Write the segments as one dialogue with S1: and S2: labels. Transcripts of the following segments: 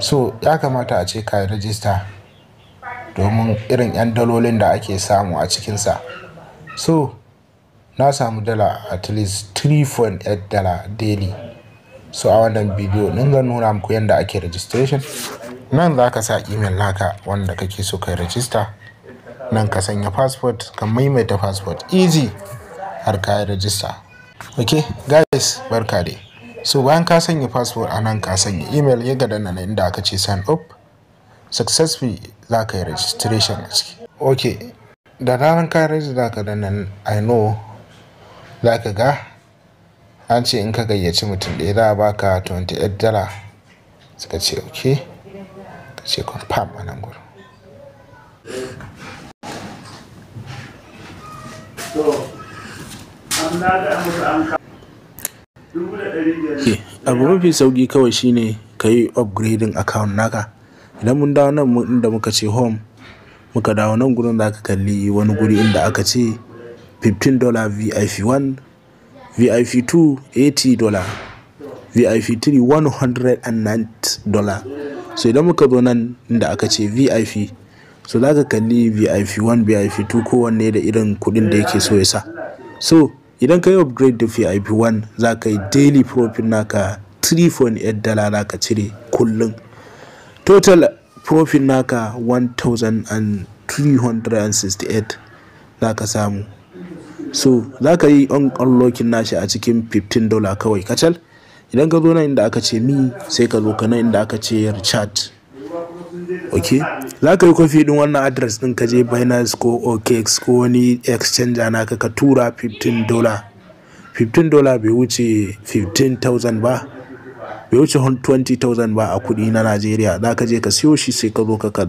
S1: so ya kamata a ce ka yi rajista domin irin 'yan dalolin da ake samu a cikinsa so na samu dala at least 3.8 dala daily so a wannan bidiyo din zan nuna muku yadda ake registration nan za ka sa email naka wanda kake so kai rajista nan ka sanya passport ka maimaita passport easy har ka yi rajista. ok guys barka dai so bayan ka sanya password a nan ka sanya email ya ga nan inda aka ce sign up successfully za ka yi registration a ciki ok da ranar ka register ka da nan i know za ka ga an ce in ka gayyaci mutum ɗaya za a baka 28 dala suka ce ok ka ce confirm a nan gurin to an da an abu mafi sauki kawai shine ka yi upgrading account naka idan mun dawo nan inda muka ce home muka dawo nan gurin da aka kalli wani guri inda aka ce $15 vip1 vip2 $80 vip3 $109 so idan muka zo nan inda aka ce vip so za ka kalli vip1 vip2 kowanne da irin kudin da yake so ya sa so idan ka yi upgrade da vip 1 za ka yi daily profit naka 3.8 dala za ka cire kullum total profit naka 1368 za ka samu so za ka yi unlocking nashi a cikin 15 dola kawai kacal idan ka zo nan inda aka ce mi sai ka zo ka nan inda aka ce richard ok za ka yi kwafi din wannan adres din ka je binance ko okx ko wani exchanger naka ka tura 15 dollar 15 dollar bai wuce 15,000 ba bai wuce 20,000 ba a kudi na nigeria za ka je ka siyo shi sai ka zo ka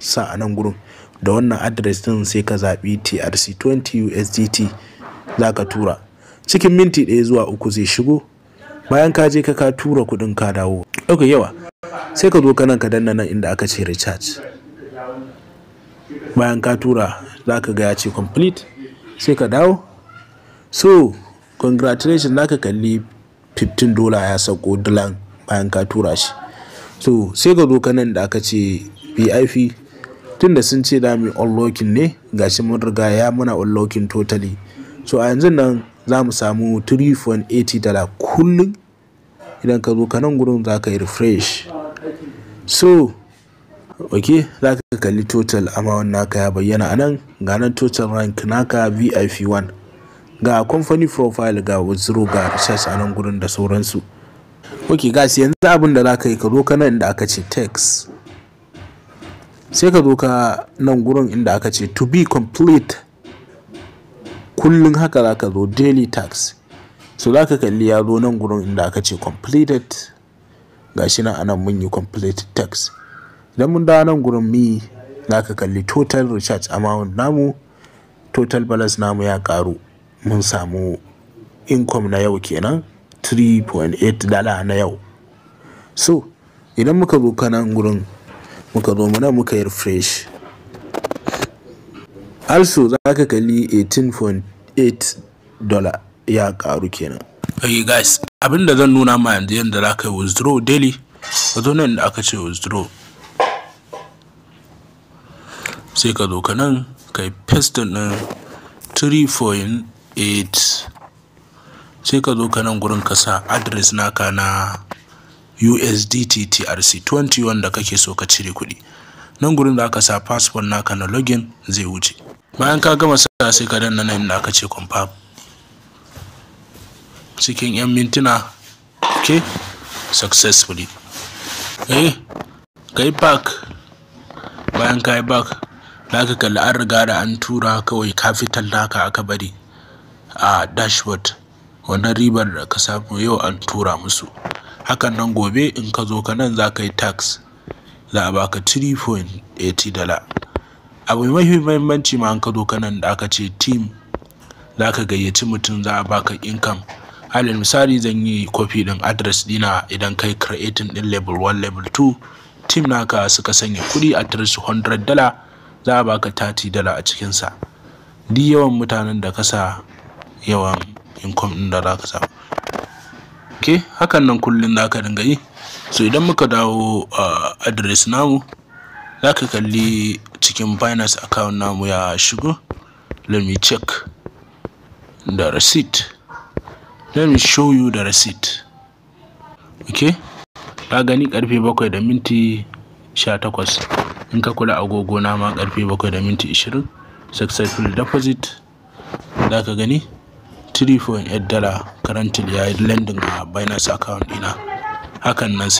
S1: sa a nan gurin da wannan adres din sai ka zaɓi trc 20 usdt za ka tura cikin minti ɗaya zuwa uku zai shigo bayan ka je ka ka tura kuɗin ka dawo ok yawa sai ka zo kanan ka danna nan inda aka ce recharge bayan ka tura za ka ga ya ce complete sai ka dawo so congratulations za ka kalli 15 dola ya sauko dilan bayan ka tura shi so sai ka zo kanan da aka ce tun da sun ce da mu unlocking ne gashi mun riga ya muna unlocking totally so a yanzu nan za mu samu 3.80 dala kullum idan ka zo ka nan gurin za ka yi refresh so ok za ka kalli total amount naka ya bayyana a nan ga nan total rank naka vip1 ga company profile ga withdraw ga research a nan gurin da sauransu ok guys yanzu abin da za ka yi ka zo ka nan inda aka ce text sai ka zo ka nan gurin inda aka ce to be complete kullum haka za ka zo daily tax so za ka kalli ya zo nan gurin inda aka ce completed gashi nan anan mun yi completed text idan mun dawo nan gurin mi za ka kalli total recharge amount namu total balance namu ya karu mun samu income na yau kenan 3.8 dala na yau so idan muka zo kanan gurin muka zo mana muka yi refresh also za ka kalli 18.8 dollar ya karu kenan hey guys abin da zan nuna ma yanzu yanda za ka yi withdraw daily ka zo nan da aka ce withdraw sai ka zo ka nan ka yi paste din 3.8 sai ka zo ka nan gurin ka sa address naka na USDT TRC 20 wanda kake so ka cire kuɗi nan gurin da aka sa passport naka na login zai wuce bayan ka gama sa sai ka danna nan da aka ce confirm cikin 'yan mintuna ok successfully eh ka yi park bayan ka yi park za ka kalli an riga da an tura kawai da naka aka bari a dashboard wannan ribar da ka samu yau an tura musu hakan nan gobe in ka zo ka nan za ka yi tax za a baka 3.80 dala abu mafi mahimmanci ma an ka zo ka nan da aka ce team za ka gayyaci mutum za a baka income alal misali zan yi copy din address dina idan kai creating din level 1 level 2 team naka suka sanya kuɗi a su 100 dala za a baka 30 dala a cikinsa duk yawan mutanen da kasa yawan income din da za samu ok hakan nan kullum da ka dinga yi so idan muka dawo a ah, address namu za ka kalli cikin finance account namu ya shigo let me check da receipt let me show you the receipt okay ka gani karfe 7 da minti sha in ka kula agogo na ma karfe 7 da minti 20 successful deposit da ka gani 3.8 dollar currently ya yi lending a binance account dina hakan nan